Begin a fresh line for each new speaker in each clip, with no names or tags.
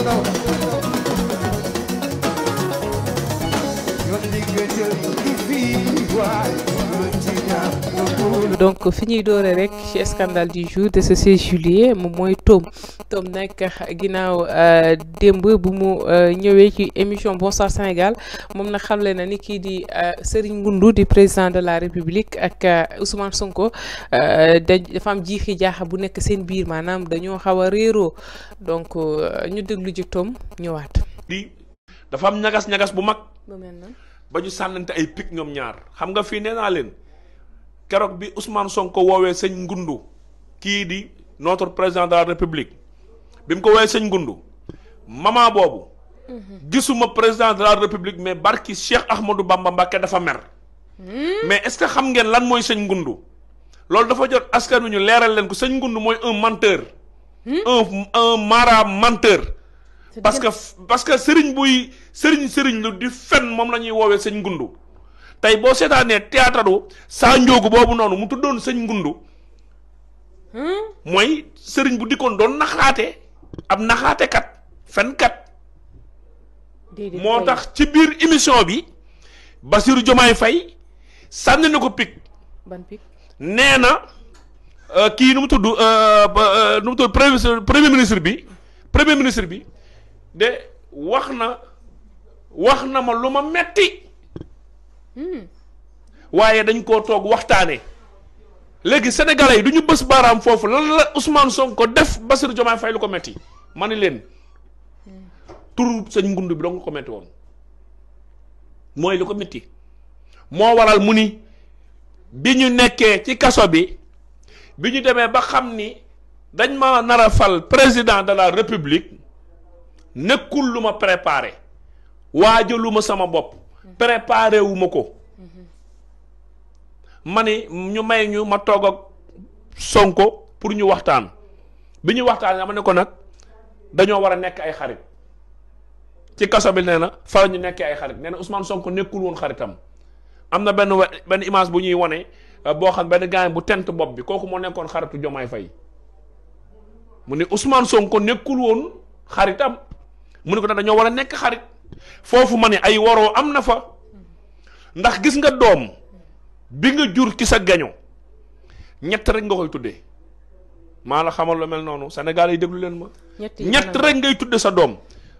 não, não.
donc fi ñuy doore rek ci scandale du jour de ce 16 juillet moom moy Tom Tom nak ginaaw euh demb bu mu euh, ñëwé ci émission Bonsoir Sénégal mom nag xamlé na ni ki di euh, Serigne Ngoundou di président de la République ak euh, Ousmane Sonko euh dafa am jiixi jaaxa bu nek seen biir manam dañoo xawa réro donc ñu déglu ci Tom ñëwaat. di
dafa am ñagas ñagas bu mag. ba ñu sànnante ay pic ñoom ñaar xam nga fi néna len keroog bi Ousmane Sonko woowee sëñ Ngundu kii di notre président de la république bi mu ko woowee sëñ Ngundu maman boobu. gisuma président de la république mais barki Cheikh Ahmadou Bamba Mbacké dafa mer. Hmm? mais est-ce que xam ngeen lan mooy sëñ Ngundu. loolu dafa jot askan wi ñu leeral leen ko sëñ Ngundu mooy un menteur. Hmm? un un mara menteur. parce que parce que sëriñ buy sëriñ sëriñ lu di fen moom la ñuy woowee sëñ Ngundu. tay bo seetaanee théâtre saa njoogu bobu nonu mu tudon señ ngundu hmm? moy señ bu dikon don ab naxaate kat fen kat motax ci bir émission bi Basirou jomay fay na pic ban pik néna euh ki nu mu tudd euh, euh, nu tudd premier ministre bi premier ministre bi de waxna waxna ma luma metti Hmm. waaye dañ koo toog waxtaane léegi sénégalais yi du ñu bës baaraam foofu lan la Ousmane Sonko def basir Diomaye fay lu ko metti ma ne leen turu sëñ ngund bi dong ko metti woon mooy lu ko metti moo waral mu ni bi ñu nekkee ci kaso bi bi ñu demee ba xam ni dañ ma nar a fal président de la république nekkul lu ma préparé waajaluma sama bopp préparé ko ma ni ñu may ñu ma toog ak Sonko pour ñu waxtaan bi ñu waxtaan dama ne ko nag dañoo war a nekk ay xarit ci kaso bi nee na fa ñu nekkee ay xarit nee na Ousmane Sonko nekkul woon xaritam am na benn benn image bu ñuy wane euh, boo benn gaañ bu tent bopp bi kooku moo nekkoon xaritu Jomaay Fay mu ne Ousmane Sonko nekkul woon xaritam mu ne ko nag dañoo war a nekk xarit foofu ma ne ay waroo am na fa ndax gis nga doom bi nga jur ci sa gaño ñett rek nga koy tuddee maa la xamal lu mel noonu Sénégal yi déglu leen ma.
ñett rek
ngay tudde sa doom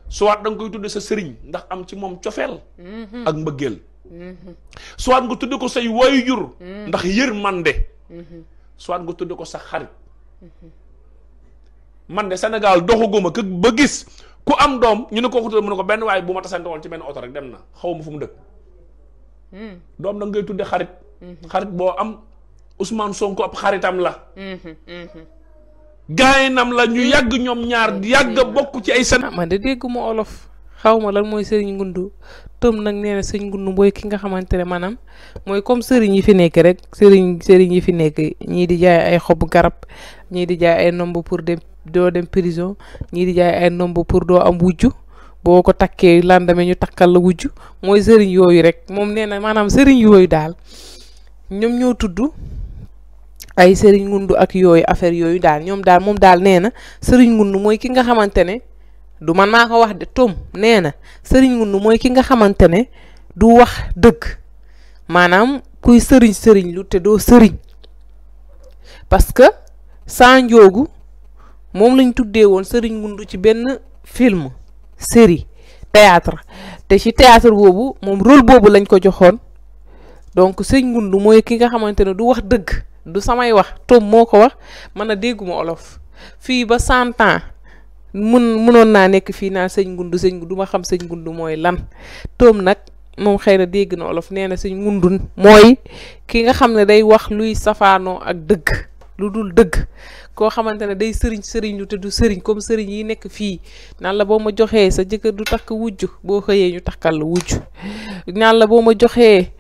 soit danga koy tudde sa sëriñ ndax am ci moom cofeel mhm. ak mbëggeel mhm. soit nga tudde ko say wayu jur mhm. ndax yërmande soit nga tudde ko sa xarit man de Sénégal doxaguma kë ba gis ku am doom ñu ne koo xutal mu ne ko benn waaye bu ma tasante woon ci benn oto rek dem na xaw ma fu mu dëkk. Hmm. doom da ngay tudde xarit. Hmm. xarit boo am Ousmane Sonko ab xaritam la. Hmm, nam la
ñu yàgg ñoom ñaar yàgg bokk ci ay seen. Ah, man de dégg mu olof xaw ma lan mooy sëriñ Ngundu tëm nag nee na sëriñ Ngundu mooy ki nga xamante ne maanaam mooy comme sëriñ yi fi nekk rek sëriñ sëriñ yi fi nekk ñii di jaay ay xobu garab ñii di jaay ay nomb pour dem. doo dem prison ñii di jaay ay nombo pour doo am wujju boo ko takkee lendemain ñu takkal la wujju mooy sëriñ yooyu rek moom nee na maanaam sëriñ yooyu daal ñoom ñoo tudd ay sëriñ ngundu ak yooyu affaire yooyu daal ñoom daal moom daal nee na sëriñ ngundu mooy ki nga xamante ne du man maa ko wax de tom nee na sëriñ ngundu mooy ki nga xamante ne du wax dëgg maanaam kuy sëriñ sëriñ lu te doo sëriñ parce que saa njoogu moom lañ tuddee woon sëriñ Ngundu ci benn film série théâtre te ci théâtre boobu moom rôle boobu lañ ko joxoon donc sëriñ Ngundu mooy ki nga xamante ne du wax dëgg du samay wax Tom moo ko wax man a dégguma olof fii ba cent ans mun munoon naa nekk fii naa sëñ Ngundu sëñ du ma xam sëñ Ngundu mooy lan Tom nag moom xëy na dégg na olof nee na sëñ Ngundu mooy ki nga xam ne day wax luy safaanoo ak dëgg lu dul dëgg koo xamante ne day sëriñ sëriñ lu te du sëriñ comme sëriñ yi nekk fii naan la boo ma joxee sa jëkkër du takk wujj boo xëyee ñu takkal la wujj naan la boo ma joxee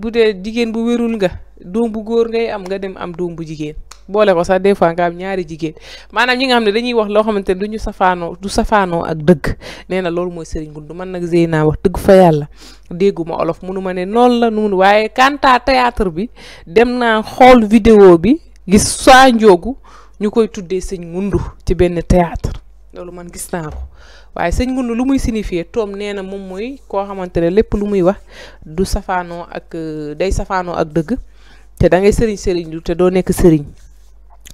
bu dee jigéen bu wérul nga doom bu góor ngay am nga dem am doom bu jigéen boole ko sax des fois nga am ñaari jigéen maanaam ñi nga xam ne dañuy wax loo xamante ne du ñu safaanoo du safaanoo ak dëgg nee na loolu mooy sëriñ Goundou man nag naa wax dëgg fa yàlla dégguma olof mënu ma ne noonu la bi dem naa xool vidéo bi gis sa njoogu ñukoy tuddé señ ngundu ci benn théâtre loolu man gis naa ko waaye sëñ ngundu lu muy signifier tom néna mom moy ko koo lépp lu muy wax du safano ak euh, day safano ak dëgg té da ngay sëriñ sëriñ du té do nek sëriñ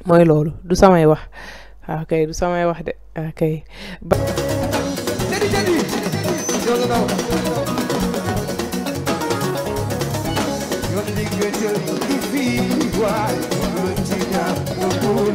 moy loolu du samay wax akay ah, du samay wax de akay ah,
Why?